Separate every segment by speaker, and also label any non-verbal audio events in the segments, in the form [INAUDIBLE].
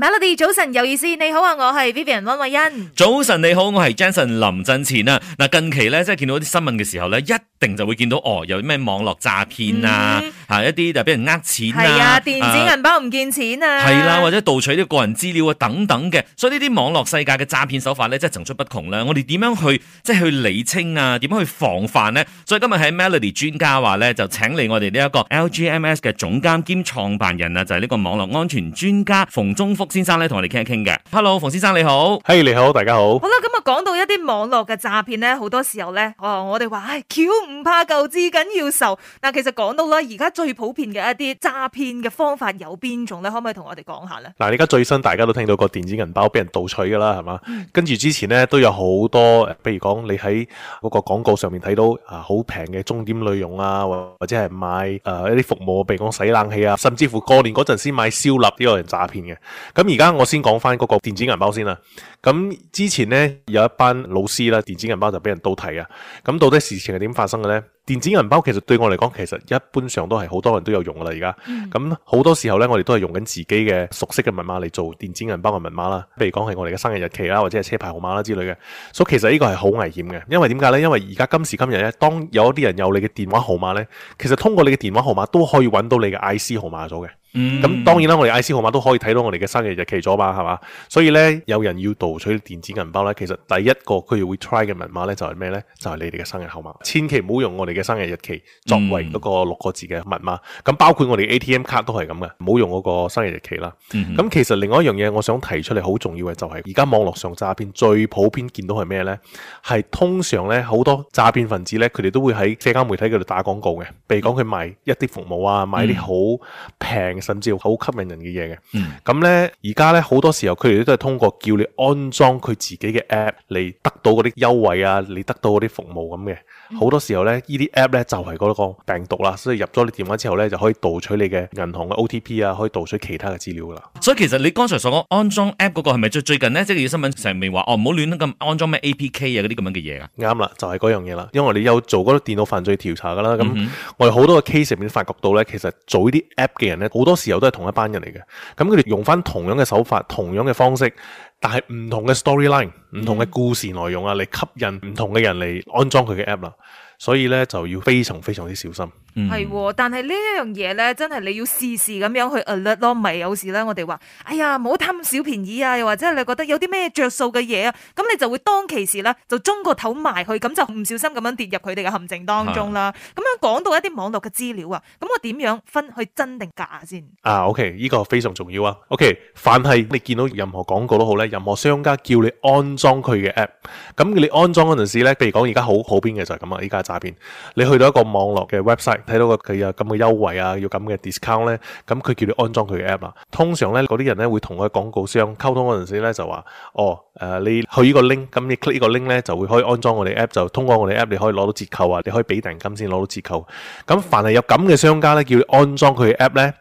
Speaker 1: Melody 早晨有意思，你好啊，我係 Vivian 溫慧欣。
Speaker 2: 早晨你好，我係 Jason 林振前啊。嗱近期咧，即係見到啲新聞嘅時候咧，一定就會見到哦，有啲咩網絡詐騙啊，吓、嗯啊、一啲就俾人呃錢啊，是啊，電子銀
Speaker 1: 包唔見錢啊，係啦、啊啊，或
Speaker 2: 者盜取啲個人資料啊等等嘅。所以呢啲網絡世界嘅詐騙手法咧，即係層出不窮啦。我哋點樣去即係、就是、去理清啊？點樣去防範呢？所以今日喺 Melody 專家話咧，就請嚟我哋呢一個 LGMS 嘅總監兼創辦人啊，就係、是、呢個網絡安全專家馮中福。先生咧，同我哋傾一傾嘅。Hello，馮先生你好，嘿，hey, 你好，大家好。
Speaker 1: 好啦，咁啊，講到一啲網絡嘅詐騙咧，好多時候咧，哦，我哋話唉，橋唔怕舊，最緊要受」。但其實講到啦，而家最普遍嘅一啲詐騙嘅方法有邊種咧？可唔可以同我哋講下咧？
Speaker 3: 嗱，而家最新大家都聽到個電子銀包俾人盜取噶啦，係嘛？嗯、跟住之前咧，都有好多，譬如講你喺嗰個廣告上面睇到啊，好平嘅鐘點內容啊，或者係買誒一啲服務，譬如講洗冷氣啊，甚至乎過年嗰陣先買燒臘呢有人詐騙嘅。咁而家我先講返嗰個電子銀包先啦。咁之前呢，有一班老師啦，電子銀包就俾人倒提啊。咁到底事情係點發生嘅呢？電子銀包其實對我嚟講，其實一般上都係好多人都有用噶啦。而家咁好多時候呢，我哋都係用緊自己嘅熟悉嘅密碼嚟做電子銀包嘅密碼啦。譬如講係我哋嘅生日日期啦，或者係車牌號碼啦之類嘅。所以其實呢個係好危險嘅，因為點解呢？因為而家今時今日呢，當有一啲人有你嘅電話號碼呢，其實通過你嘅電話號碼都可以揾到你嘅 IC 號碼咗嘅。咁、嗯、當然啦，我哋 I.C. 號碼都可以睇到我哋嘅生日日期咗嘛，係嘛？所以咧，有人要盜取電子銀包咧，其實第一個佢哋會 try 嘅密碼咧就係咩咧？就係、是、你哋嘅生日號碼。千祈唔好用我哋嘅生日日期作為嗰個六個字嘅密碼。咁、嗯、包括我哋 A.T.M. 卡都係咁嘅，唔好用嗰個生日日期啦。咁、嗯、哼其實另外一樣嘢，我想提出嚟好重要嘅就係而家網絡上詐騙最普遍見到係咩咧？係通常咧好多詐騙分子咧，佢哋都會喺社交媒體嗰度打廣告嘅，譬如講佢賣一啲服務啊，賣啲好平。甚至好吸引人嘅嘢嘅，咁咧而家咧好多時候佢哋都係通過叫你安裝佢自己嘅 app 嚟得到嗰啲優惠啊，你得到嗰啲服務咁嘅，好多時候咧呢啲 app 咧就係嗰個病毒啦，所以入咗你電話之後咧就可以盜取你嘅銀行嘅 OTP 啊，可以盜取其他嘅資料噶啦。
Speaker 2: 所以其實你剛才所講安裝 app 嗰個，係咪最最近咧，即係啲新聞上面話哦唔好亂咁安裝咩 APK 啊嗰啲咁樣嘅嘢啊？
Speaker 3: 啱啦，就係嗰樣嘢啦，因為你有做嗰啲電腦犯罪調查噶啦，咁我哋好多個 case 入面發覺到咧，其實做呢啲 app 嘅人咧好。多時候都係同一班人嚟嘅，咁佢哋用翻同樣嘅手法、同樣嘅方式，但係唔同嘅 storyline、嗯、唔同嘅故事內容啊，嚟吸引唔同嘅人嚟安裝佢嘅 app 啦，所以咧就要非常非常之小心。
Speaker 1: 係、嗯，但係呢一樣嘢咧，真係你要試試咁樣去 alert 咯，咪有時咧我哋話，哎呀，唔好貪小便宜啊，又或者你覺得有啲咩着數嘅嘢啊，咁你就會當其時咧就中個頭埋去，咁就唔小心咁樣跌入佢哋嘅陷阱當中啦。咁樣講到一啲網絡嘅資料啊，咁我點樣分去真定假先？
Speaker 3: 啊，OK，呢個非常重要啊。OK，凡係你見到任何廣告都好咧，任何商家叫你安裝佢嘅 app，咁你安裝嗰陣時咧，譬如講而家好好邊嘅就係咁啊，依家詐騙，你去到一個網絡嘅 website。睇到佢有咁嘅優惠啊，要咁嘅 discount 咧，咁佢叫你安裝佢嘅 app 啊。通常咧，嗰啲人咧會同佢廣告商溝通嗰陣時咧，就話：哦，誒、呃，你去呢個 link，咁你 click 呢個 link 咧就會可以安裝我哋 app，就通過我哋 app 你可以攞到折扣啊，你可以俾定金先攞到折扣。咁凡係有咁嘅商家咧，叫你安裝佢嘅 app 咧。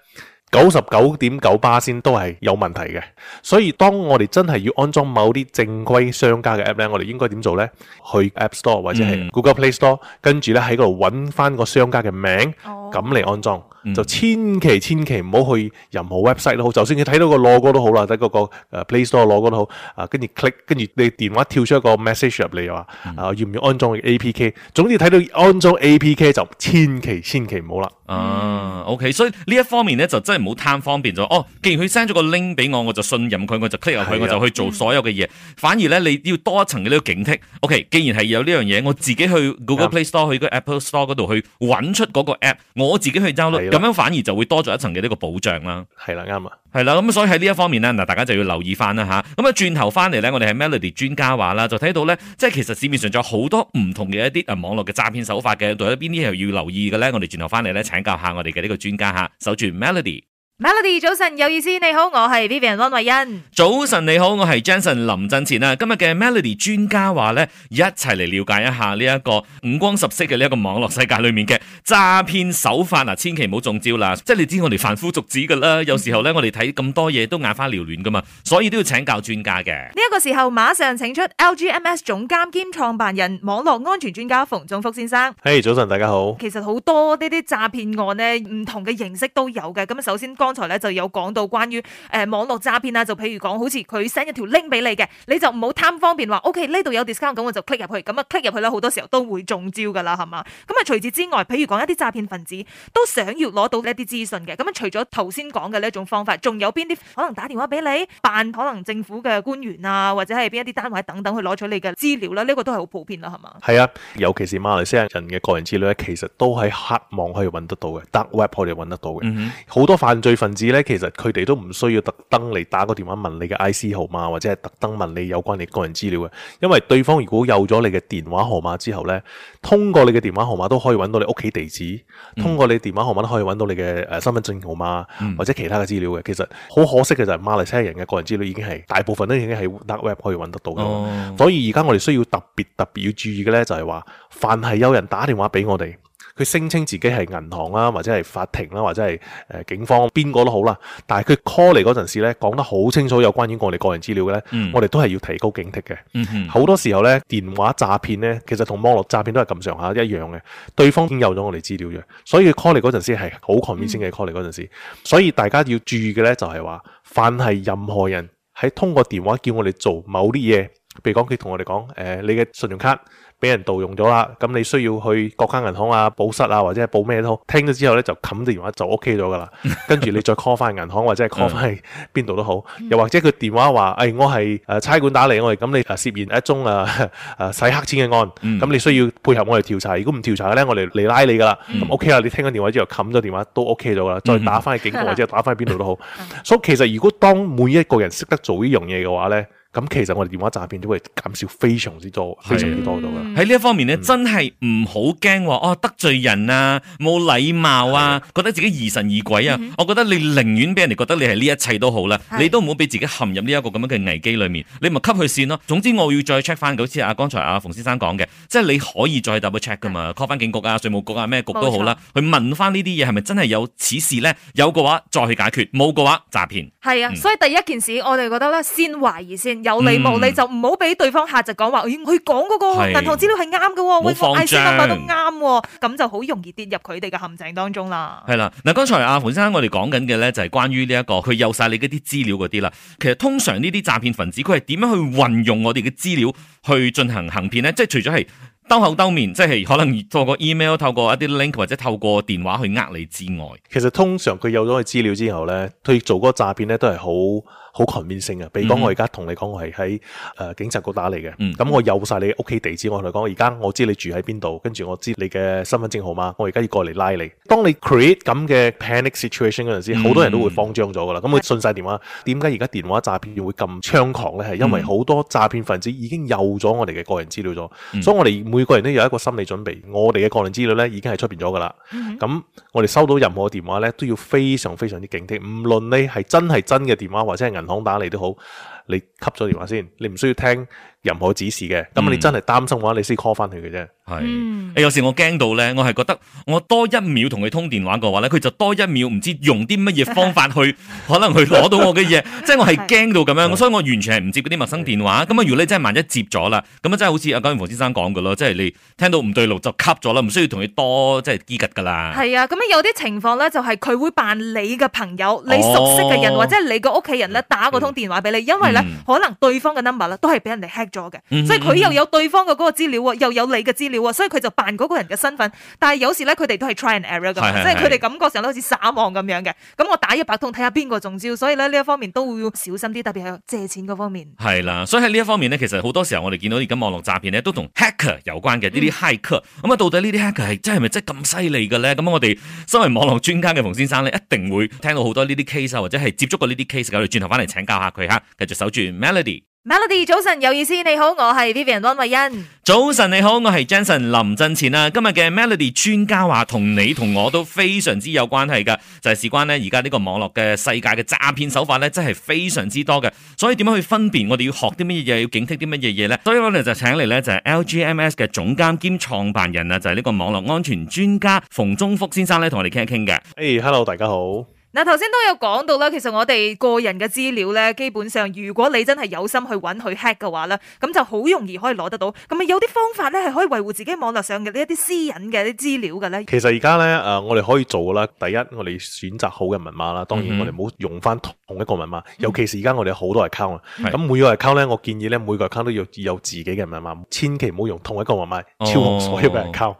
Speaker 3: 九十九點九八先都係有問題嘅，所以當我哋真係要安裝某啲正規商家嘅 app 咧，我哋應該點做咧？去 App Store 或者係 Google Play Store，跟住咧喺嗰度搵翻個商家嘅名，咁嚟安裝，就千祈千祈唔好去任何 website 都好，就算你睇到個 logo 都好啦，睇嗰個 Play Store 攞嗰都好，啊跟住 click 跟住你電話跳出一個 message 入嚟話，啊要唔要安裝 APK，總之睇到安裝 APK 就千祈千祈唔好啦。
Speaker 2: 啊，OK，所以呢一方面咧就真係唔好貪方便咗。哦，既然佢 send 咗個 link 俾我，我就信任佢，我就 click 入去，的我就去做所有嘅嘢。嗯、反而咧你要多一層嘅呢個警惕。OK，既然係有呢樣嘢，我自己去 Google Play Store 了去個 Apple Store 嗰度去揾出嗰個 app，我自己去 download，咁了樣反而就會多咗一層嘅呢個保障啦。係啦，啱啊。係啦，咁所以喺呢一方面呢，嗱，大家就要留意翻啦吓。咁啊，轉頭翻嚟呢，我哋係 Melody 專家話啦，就睇到呢，即係其實市面上仲有好多唔同嘅一啲網絡嘅詐騙手法嘅，到底邊啲又要留意嘅呢？我哋轉頭翻嚟呢，請。請教下我哋嘅呢個專家吓，守住 Melody。
Speaker 1: Melody 早晨有意思，你好，我係 Vivian 溫慧欣。
Speaker 2: 早晨你好，我係 Jason 林振前啊。今日嘅 Melody 專家話咧，一齊嚟，了解一下呢一個五光十色嘅呢一個網絡世界裏面嘅。詐騙手法嗱，千祈唔好中招啦！即係你知我哋凡夫俗子噶啦，有時候呢，我哋睇咁多嘢都眼花繚亂噶嘛，所以都要請教專家嘅。
Speaker 1: 呢一個時候馬上請出 LGMS 總監兼創辦人網絡安全專家馮仲福先生。
Speaker 2: 嘿，hey，早晨，大家好。
Speaker 1: 其實好多呢啲詐騙案呢，唔同嘅形式都有嘅。咁首先剛才呢就有講到關於誒、呃、網絡詐騙啦，就譬如講好似佢 send 一條 link 俾你嘅，你就唔好貪方便話 OK 呢度有 discount，咁我就 click 入去。咁啊 click 入去啦，好多時候都會中招噶啦，係嘛？咁啊，除此之外，譬如講。一啲詐騙分子都想要攞到呢一啲資訊嘅，咁啊，除咗頭先講嘅呢一種方法，仲有邊啲可能打電話俾你，扮可能政府嘅官員啊，或者係邊一啲單位等等去攞取你嘅資料啦，呢個都係好普遍啦，係嘛？
Speaker 3: 係啊，尤其是馬來西亞人嘅個人資料咧，其實都喺黑網可以揾得到嘅，dark web 可以揾得到嘅。好多犯罪分子咧，其實佢哋都唔需要特登嚟打個電話問你嘅 I C 號碼，或者係特登問你有關你個人資料嘅，因為對方如果有咗你嘅電話號碼之後咧，通過你嘅電話號碼都可以揾到你屋企地。通過你電話號碼都可以揾到你嘅誒身份證號碼或者其他嘅資料嘅，其實好可惜嘅就係馬來西亞人嘅個人資料已經係大部分都已經係 dark web 可以揾得到嘅，所以而家我哋需要特別特別要注意嘅呢，就係話，凡係有人打電話俾我哋。佢聲稱自己係銀行啦、啊，或者係法庭啦、啊，或者係、呃、警方、啊，邊個都好啦、啊。但係佢 call 嚟嗰陣時咧，講得好清楚，有關於我哋個人資料嘅咧，嗯、我哋都係要提高警惕嘅。好、嗯、哼多時候咧，電話詐騙咧，其實同網絡詐騙都係咁上下一樣嘅。對方已經有咗我哋資料嘅，所以 call 嚟嗰陣時係好 convenient 嘅 call 嚟嗰陣時。嗯、所以大家要注意嘅咧，就係、是、話，凡係任何人喺通過電話叫我哋做某啲嘢，譬如講佢同我哋講，誒、呃、你嘅信用卡。俾人盜用咗啦，咁你需要去各家銀行啊，報失啊，或者係報咩都好。聽咗之後咧，就冚電話就 OK 咗噶啦。跟住 [LAUGHS] 你再 call 翻銀行或者係 call 翻去邊度都好，mm hmm. 又或者佢電話話，誒、哎，我係誒差館打嚟，我哋咁你誒涉嫌一宗啊誒、啊、洗黑錢嘅案，咁、mm hmm. 你需要配合我哋調查。如果唔調查嘅咧，我嚟嚟拉你噶啦。咁、mm hmm. OK 啦，你聽咗電話之後冚咗電話都 OK 咗啦，再打翻去警局 [LAUGHS] 或者打翻去邊度都好。 [LAUGHS] 所以其實如果當每一個人識得做呢樣嘢嘅話咧。咁其實我哋電話詐騙都會減少非常之多，的非常之多到嘅。
Speaker 2: 喺呢一方面咧，嗯、真係唔好驚話，哦，得罪人啊，冇禮貌啊，的覺得自己疑神疑鬼啊。嗯、哼我覺得你寧願俾人哋覺得你係呢一切都好啦，的你都唔好俾自己陷入呢一個咁樣嘅危機裡面。你咪吸佢線咯。總之我要再 check 翻，好似阿剛才阿馮先生講嘅，即係你可以再去 double check 噶嘛，call 翻警局啊、稅務局啊咩局都好啦，錯去問翻呢啲嘢係咪真係有此事咧？有嘅話再去解決，冇嘅話詐騙。
Speaker 1: 係啊的、嗯，所以第一件事我哋覺得咧，先懷疑先。有理無理就唔好俾對方下集講話，佢講嗰個銀行資料係啱㗎，或者個 IC 咁都啱，咁就好容易跌入佢哋嘅陷阱當中啦。
Speaker 2: 係啦，嗱，剛才阿馮先生我哋講緊嘅呢就係關於呢一個佢有晒你嗰啲資料嗰啲啦。其實通常呢啲詐騙分子佢係點樣去運用我哋嘅資料去進行行騙呢？即係除咗係兜口兜面，即係可能透過 email，透過一啲 link 或者透過電話去呃你之外，
Speaker 3: 其實通常佢有咗佢資料之後呢，佢做嗰個詐騙呢都係好。好全面性啊！比如講，我而家同你講，我係喺誒警察局打嚟嘅，咁、嗯、我有晒你屋企地址。我同你講，而家我知你住喺邊度，跟住我知你嘅身份證號碼，我而家要過嚟拉你。當你 create 咁嘅 panic situation 嗰陣時，好多人都會慌張咗噶啦。咁佢、嗯、信晒電話，點解而家電話詐騙要會咁猖狂咧？係因為好多詐騙分子已經有咗我哋嘅個人資料咗，嗯、所以我哋每個人都有一個心理準備，我哋嘅個人資料咧已經係出邊咗噶啦。咁、嗯、我哋收到任何電話咧都要非常非常之警惕，唔論你係真係真嘅電話或者係銀。行打你都好。你吸咗電話先，你唔需要聽任何指示嘅。咁、嗯、你真係擔心嘅話，你先
Speaker 2: call 翻佢嘅啫。有時我驚到呢，我係覺得我多一秒同佢通電話嘅話呢佢就多一秒唔知用啲乜嘢方法去，可能去攞到我嘅嘢。即係我係驚到咁樣，所以我完全係唔接嗰啲陌生電話。咁啊，如果你真係萬一接咗啦，咁啊真係好似阿高永先生講嘅咯，即、就、係、是、你聽到唔對路就吸咗啦，唔需要同佢多即係機吉噶啦。係
Speaker 1: 啊，咁有啲情況呢，就係佢會扮你嘅朋友，你熟悉嘅人、哦、或者你個屋企人呢，打個通電話俾你，嗯、因為嗯、可能對方嘅 number 啦，都係俾人哋 hack 咗嘅，所以佢又有對方嘅嗰個資料，又有你嘅資料，所以佢就扮嗰個人嘅身份。但係有時咧，佢哋都係 try and error 咁，是是是即係佢哋感覺上都好似撒網咁樣嘅。咁我打一百通睇下邊個中招，所以呢一方面都會小心啲，特別係借錢嗰方面。
Speaker 2: 係啦，所以喺呢一方面咧，其實好多時候我哋見到而家網絡詐騙咧都同 hacker 有關嘅呢啲 hacker。咁啊、嗯，呢啲 hacker，到底呢啲 hacker 係真係咪真係咁犀利嘅咧？咁我哋身為網絡專家嘅馮先生咧，一定會聽到好多呢啲 case 或者係接觸過呢啲 case 嘅，我哋轉頭翻嚟請教下佢嚇，繼續收住 Melody，Melody
Speaker 1: Mel 早晨有意思，你好，我係 Vivian 汪慧欣。
Speaker 2: 早晨你好，我係 Jason 林振前啊。今日嘅 Melody 專家話同你同我都非常之有關係嘅，就係事關呢，而家呢個網絡嘅世界嘅詐騙手法呢，真係非常之多嘅。所以點樣去分辨？我哋要學啲乜嘢嘢？要警惕啲乜嘢嘢呢？所以我哋就請嚟呢，就係 LGMS 嘅總監兼創辦人啊，就係呢個網絡安全專家馮中福先生呢，同我哋傾一傾嘅。Hey, hello, 大家好。
Speaker 1: 嗱，頭先都有講到啦，其實我哋個人嘅資料咧，基本上如果你真係有心去搵去 hack 嘅話咧，咁就好容易可以攞得到。咁有啲方法咧，係可以維護自己網絡上嘅呢一啲私隱嘅啲資料嘅咧。其
Speaker 3: 實而家咧，誒、呃，我哋可以做啦。第一，我哋選擇好嘅密碼啦。當然，我哋唔好用翻同一個密碼。Mm. 尤其是而家我哋好多係 account。咁、mm. 每個 account 咧，我建議咧，每個 account 都要有自己嘅密碼，千祈唔好用同一個密碼，超所有嘅人 account。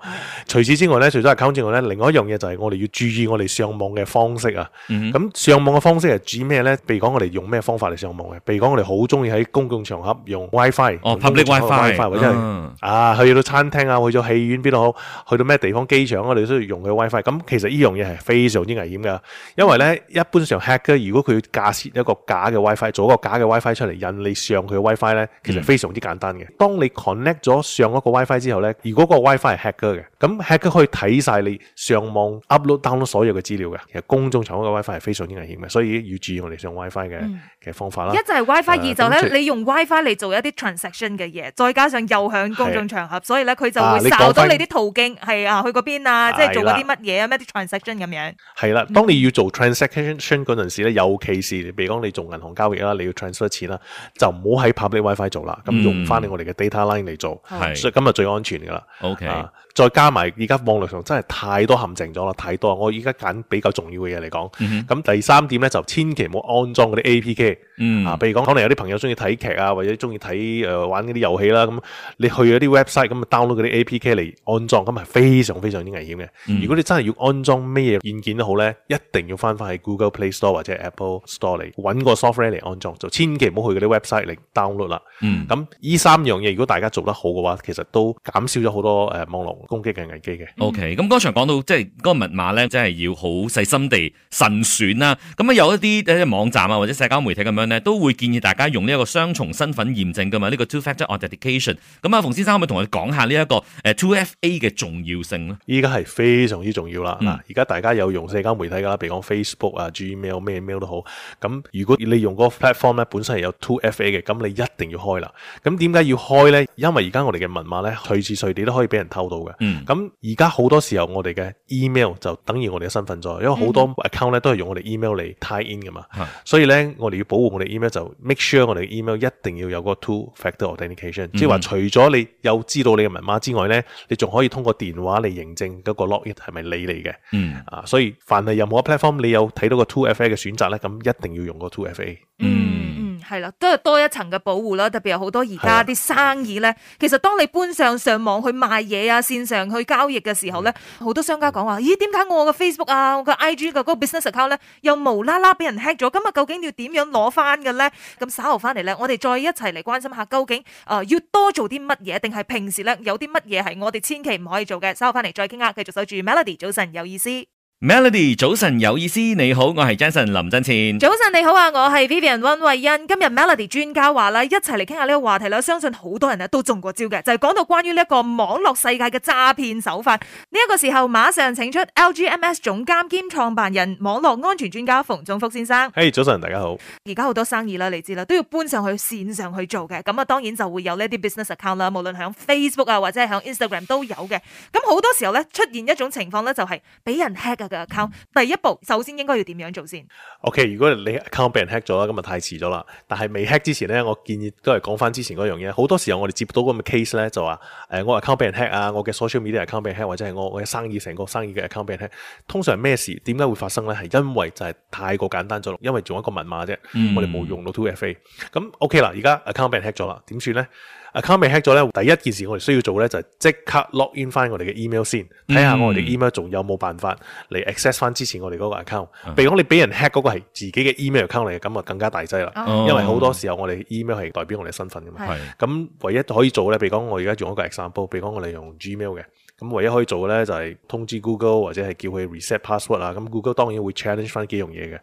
Speaker 3: 除此、oh. 之，之外咧，除咗 account 之外咧，另外一樣嘢就係我哋要注意我哋上網嘅方式啊。咁、mm hmm. 上網嘅方式係指咩咧？譬如講我哋用咩方法嚟上網嘅？譬如講我哋好中意喺公共場合用 WiFi，public WiFi，WiFi、哦、或者係、mm hmm. 啊去到餐廳啊，去咗戲院邊度好，去到咩地方機場、啊，我哋都需要用佢 WiFi。咁其實呢樣嘢係非常之危險嘅，因為咧一般上 hacker 如果佢要架設一個假嘅 WiFi，做一個假嘅 WiFi 出嚟引你上佢嘅 WiFi 咧，其實非常之簡單嘅。Mm hmm. 當你 connect 咗上一個 WiFi 之後咧，如果個 WiFi 係 hacker 嘅，咁 hacker 可以睇晒你上網 upload down 所有嘅資料嘅，其實公共場合 WiFi 係非常之危險嘅，所以要注意我哋上 WiFi 嘅嘅方法啦。一就係 WiFi，二就咧你
Speaker 1: 用 WiFi 嚟做一啲 transaction 嘅嘢，再加上又喺公眾場合，所以咧佢就會曬到你啲途徑係啊去嗰邊啊，即係做嗰啲乜嘢啊咩 transaction 咁樣
Speaker 3: 係啦。當你要做 transaction 嗰陣時咧，尤其是你譬如講你做銀行交易啦，你要 transfer 錢啦，就唔好喺 public WiFi 做啦，咁用翻你我哋嘅 data line 嚟做，所以今日最安全噶啦。OK，再加埋而家網絡上真係太多陷阱咗啦，太多。我而家揀比較重要嘅嘢嚟講。咁、嗯、第三點呢，就千祈唔好安裝嗰啲 APK。嗯，啊，譬如講可能有啲朋友中意睇劇啊，或者中意睇誒玩嗰啲遊戲啦，咁你去嗰啲 website 咁 download 嗰啲 APK 嚟安裝，咁係非常非常之危險嘅。嗯，如果你真係要安裝咩嘢軟件都好咧，一定要翻翻喺 Google Play Store 或者 Apple Store 嚟搵個 software 嚟安裝，就千祈唔好去嗰啲 website 嚟 download 啦。嗯，咁呢三樣嘢如果大家做得好嘅話，其實都減少咗好
Speaker 2: 多誒網絡攻擊嘅危機嘅。OK，咁剛才講到即係個密碼咧，真係要好細心地慎選啦。咁啊有一啲誒網站啊或者社交媒體咁樣。都會建議大家用呢一個雙重身份驗證噶嘛，呢、這個 two-factor authentication。咁阿馮先生可唔可以同我哋講下呢一個誒 two FA 嘅重要性呢？
Speaker 3: 依家係非常之重要啦。嗱、嗯，而家大家有用社交媒體噶啦，譬如講 Facebook 啊、Gmail 咩 mail 都好。咁如果你用嗰個 platform 咧，本身係有 two FA 嘅，咁你一定要開啦。咁點解要開咧？因為而家我哋嘅密碼咧，隨時隨地都可以俾人偷到嘅。嗯。咁而家好多時候，我哋嘅 email 就等於我哋嘅身份咗，因為好多 account 咧都係用我哋 email 嚟 tie in 噶嘛。嗯、所以咧，我哋要保護。我哋 email 就 make sure 我哋 email 一定要有個 two factor authentication，、嗯、即係話除咗你有知道你嘅密碼之外咧，你仲可以通過電話嚟認證嗰個 log in 係咪你嚟嘅。嗯，啊，所以凡係任何 platform 你有睇到個 two FA 嘅選擇咧，咁一定要用個 two FA。嗯。
Speaker 1: 係啦，都係多一層嘅保護啦，特別有好多而家啲生意咧。的其實當你搬上上網去賣嘢啊，線上去交易嘅時候咧，好的多商家講話：咦，點解我嘅 Facebook 啊，我嘅 IG 嘅嗰個 business account 咧，又無啦啦俾人 hack 咗？今日究竟要點樣攞翻嘅咧？咁稍後翻嚟咧，我哋再一齊嚟關心下，究竟啊、呃，要多做啲乜嘢？定係平時咧有啲乜嘢係我哋千祈唔可以做嘅？稍後翻嚟再傾啊！繼續守住 Melody，早晨有意思。
Speaker 2: Melody，早晨有意思，你好，我係 Jason 林振前。
Speaker 1: 早晨你好啊，我係 Vivian 溫慧欣。今日 Melody 專家話啦，一齊嚟傾下呢個話題啦。相信好多人咧都中過招嘅，就係、是、講到關於呢一個網絡世界嘅詐騙手法。呢、這、一個時候，馬上請出 LGMS 總監兼創辦人，網絡安全專家馮仲福先生。誒，hey，
Speaker 3: 早晨大家好。
Speaker 1: 而家好多生意啦，你知啦，都要搬上去線上去做嘅。咁啊，當然就會有呢啲 business account 啦，無論響 Facebook 啊，或者係響 Instagram 都有嘅。咁好多時候咧，出現一種情況咧，就係俾人黑 account 第一步首先應該要點樣做先
Speaker 3: ？OK，如果你 account 被人 hack 咗啦，今日太遲咗啦。但係未 hack 之前咧，我建議都係講翻之前嗰樣嘢。好多時候我哋接到嗰個 case 咧，就話誒，我 account 被人 hack 啊，我嘅 social media account 被人 hack，或者係我嘅生意成個生意嘅 account 被人 hack。通常咩事點解會發生咧？係因為就係太過簡單咗，因為仲一個密碼啫，嗯、我哋冇用到 two FA。咁、嗯、OK 啦，而家 account 被人 hack 咗啦，點算咧？Account 被 hack 咗咧，第一件事我哋需要做咧就係、是、即刻 log in 翻我哋嘅 email 先，睇下我哋 email 仲有冇辦法嚟 access 翻之前我哋嗰 acc、嗯、個 account。譬如講你俾人 hack 嗰個係自己嘅 email account 嚟嘅，咁啊更加大劑啦。哦、因為好多時候我哋 email 係代表我哋身份噶嘛。咁是唯一可以做咧，譬如講我而家用一個 example，譬如講我哋用 Gmail 嘅，咁唯一可以做嘅咧就係通知 Google 或者係叫佢 reset password 啊。咁 Google 當然會 challenge 翻幾樣嘢嘅。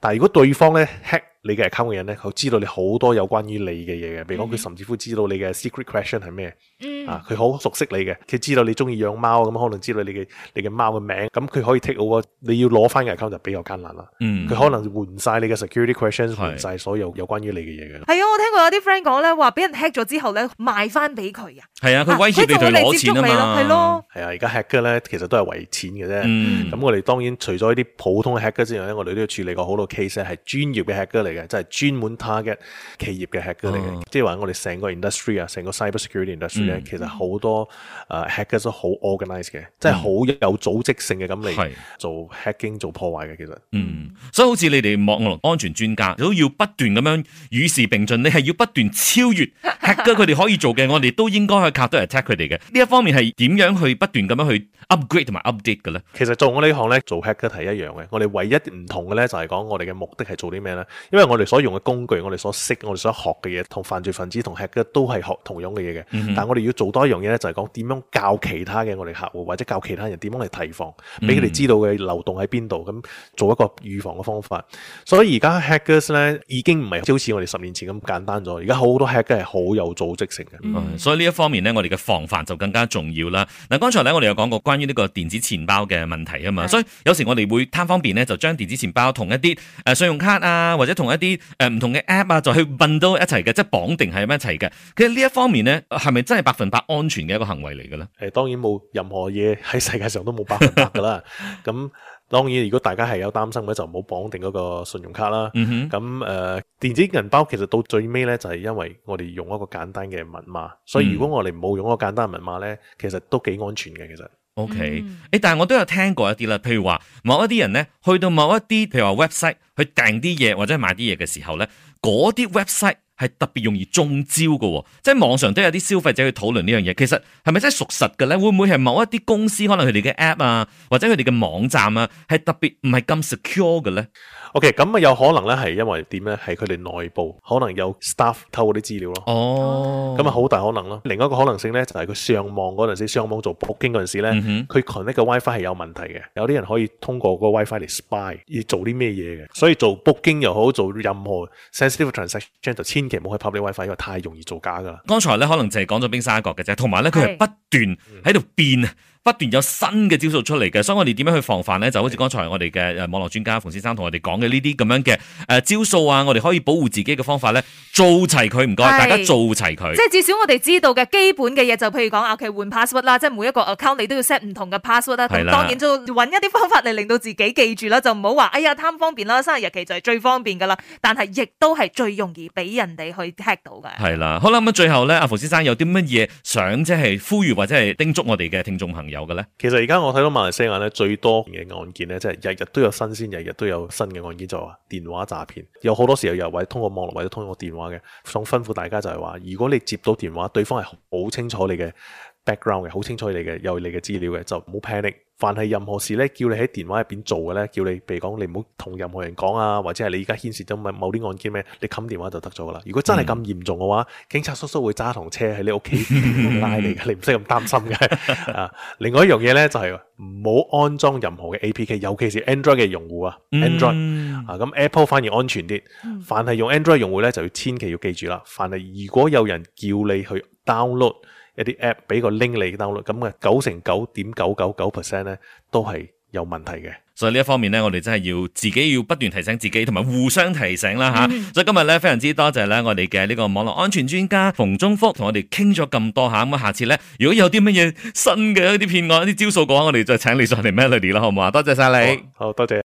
Speaker 3: 但係如果對方咧 hack。你嘅 account 嘅人咧，佢知道你好多有關於你嘅嘢嘅，譬如講佢甚至乎知道你嘅 secret question 係咩，嗯、啊佢好熟悉你嘅，佢知道你中意養貓咁，可能知道你嘅你嘅貓嘅名，咁佢可以 take 到個你要攞翻嘅 account 就比較艱難啦，佢、嗯、可能換晒你嘅 security questions，換曬所有有關於你嘅嘢
Speaker 1: 嘅。係啊，我聽過有啲 friend 講咧，話俾人 hack 咗之後咧，賣翻俾佢啊。係啊，
Speaker 3: 佢威脅你、啊，攞錢啊嘛，係咯。係啊，而家 hack 嘅咧其實都係為錢嘅啫。咁、嗯、我哋當然除咗啲普通嘅 hack 之外咧，我哋都要處理過好多 case 係專業嘅 hack 嚟。即係專門 target 企業嘅 hacker 嚟嘅，即係話我哋成個 industry 啊，成個，indust 個 cybersecurity industry 咧、嗯，其實好多誒、uh, hackers 都好 organized 嘅，嗯、即係好有組織性嘅咁嚟做 hacking 做
Speaker 2: 破壞嘅。其實，嗯，所以好似你哋網絡安全專家，都要不斷咁樣與時並進，你係要不斷超越 hacker 佢哋可以做嘅， [LAUGHS] 我哋都應該去靠得嚟 check 佢哋嘅呢一方面係點樣去不斷咁樣去 upgrade 同埋 update 嘅咧？其實做我一行呢行咧，做 hackers 係一
Speaker 3: 樣嘅，我哋唯一唔同嘅咧就係講我哋嘅目的係做啲咩咧？因為我哋所用嘅工具，我哋所識，我哋所學嘅嘢，同犯罪分子同 hackers 都係學同樣嘅嘢嘅。嗯、哼但係我哋要做多一樣嘢咧，就係講點樣教其他嘅我哋客戶，或者教其他人點樣嚟提防，俾佢哋知道嘅漏洞喺邊度，咁做一個預防嘅方法。所以而家 hackers 咧已經唔係好似我哋十年前咁簡單咗，而家好很多 hackers 係好有組織性嘅。
Speaker 2: 嗯、所以呢一方面咧，我哋嘅防範就更加重要啦。嗱，剛才咧我哋有講過關於呢個電子錢包嘅問題啊嘛，的所以有時我哋會貪方便咧，就將電子錢包同一啲誒信用卡啊，或者同一同一啲誒唔同嘅 App 啊，就去 bind 到一齊嘅，即係綁定係一齊嘅。其實呢一方面咧，係咪真係百分百安全嘅一個行為嚟嘅咧？
Speaker 3: 誒，當然冇任何嘢喺世界上都冇百分百噶啦。咁 [LAUGHS] 當然，如果大家係有擔心嘅，就唔好綁定嗰個信用卡啦。咁誒、嗯哼呃，電子銀包其實到最尾咧，就係、是、因為我哋用一個簡單嘅密碼，所以如果我哋冇用一個簡單嘅密碼咧，其實都幾安全嘅，其實。
Speaker 2: O K，誒，okay，但係我都有聽過一啲啦，譬如話某一啲人咧，去到某一啲，譬如話 website 去訂啲嘢或者買啲嘢嘅時候咧，嗰啲 website，係特別容易中招嘅、哦，即係網上都有啲消費者去討論呢樣嘢，其實係咪真係屬實嘅咧？會唔會係某一啲公司可能佢哋嘅 app 啊，或者佢哋嘅網站啊，係特別唔係咁 secure 嘅咧？OK，咁啊有可能咧係因為點咧？係佢哋內部可能
Speaker 3: 有 staff 偷嗰啲資料咯。哦，咁啊好大可能咯。另一個可能性咧就係佢上網嗰陣時上網做 booking 嗰陣時咧，佢、mm hmm. connect 嘅 wifi 係有問題嘅，有啲人可以通過個 wifi 嚟 spy，要做啲咩嘢嘅。所以做 booking 又好，做任何 sensitive transaction 就千千祈唔好去拍呢個 WiFi，因為太容易造假噶啦。
Speaker 2: 剛才咧可能淨係講咗冰山一角嘅啫，同埋咧佢係不斷喺度變。不斷有新嘅招數出嚟嘅，所以我哋點樣去防範咧？就好似剛才我哋嘅網絡專家馮先生同我哋講嘅呢啲咁樣嘅誒招數啊，我哋可以保護自己嘅方法咧，做齊佢唔該，大家做齊佢。即係、就係、
Speaker 1: 至少我哋知道嘅基本嘅嘢、就係，就譬如講啊，佢換 password 啦，即係每一個 account 你都要 set 唔同嘅 password 啦。的當然就揾一啲方法嚟令到自己記住啦，就唔好話哎呀貪方便啦，生日日期就係最方便噶啦，但係亦都係最容易俾人哋去 hack 到嘅。
Speaker 2: 係啦，好啦咁、嗯、最後咧，阿馮先生有啲乜嘢想即係呼籲或者係叮囑我哋嘅聽眾朋友？有嘅咧，其實而家我睇到馬來西亞咧最多嘅案件咧，即係日日都
Speaker 3: 有新鮮，日日都有新嘅案件，就係話電話詐騙，有好多時候有或者通過網絡或者通過電話嘅，想吩咐大家就係話，如果你接到電話，對方係好清楚你嘅 Background 嘅，好清楚你嘅，有你嘅資料嘅，就唔好 panic 凡係任何事咧，叫你喺電話入面做嘅咧，叫你譬如講你唔好同任何人講啊，或者係你而家牽涉咗某某啲案件咩？你冚電話就得咗啦。如果真係咁嚴重嘅話，嗯、警察叔叔會揸堂車喺你屋企拉你嘅，你唔使咁擔心嘅。啊，另外一樣嘢咧，就係唔好安裝任何嘅 APK，尤其是 Android 嘅用戶啊，Android、嗯、啊，咁 Apple 反而安全啲。凡係用 Android 用戶咧，就要千祈要記住啦。凡係如果有人叫你去 download，一啲 app 俾個 link 你 download 咁嘅，九成九點九九九 percent 咧都係有問題嘅，
Speaker 2: 所以呢一方面咧，我哋真係要自己要不斷提醒自己，同埋互相提醒啦吓。嗯、所以今日咧非常之多謝咧我哋嘅呢個網絡安全專家馮忠福同我哋傾咗咁多下，咁下次咧如果有啲乜嘢
Speaker 1: 新嘅一啲騙案一啲招數嘅話，我哋再請你上嚟 Melody 啦，好唔好啊？多謝晒你，好，好多謝。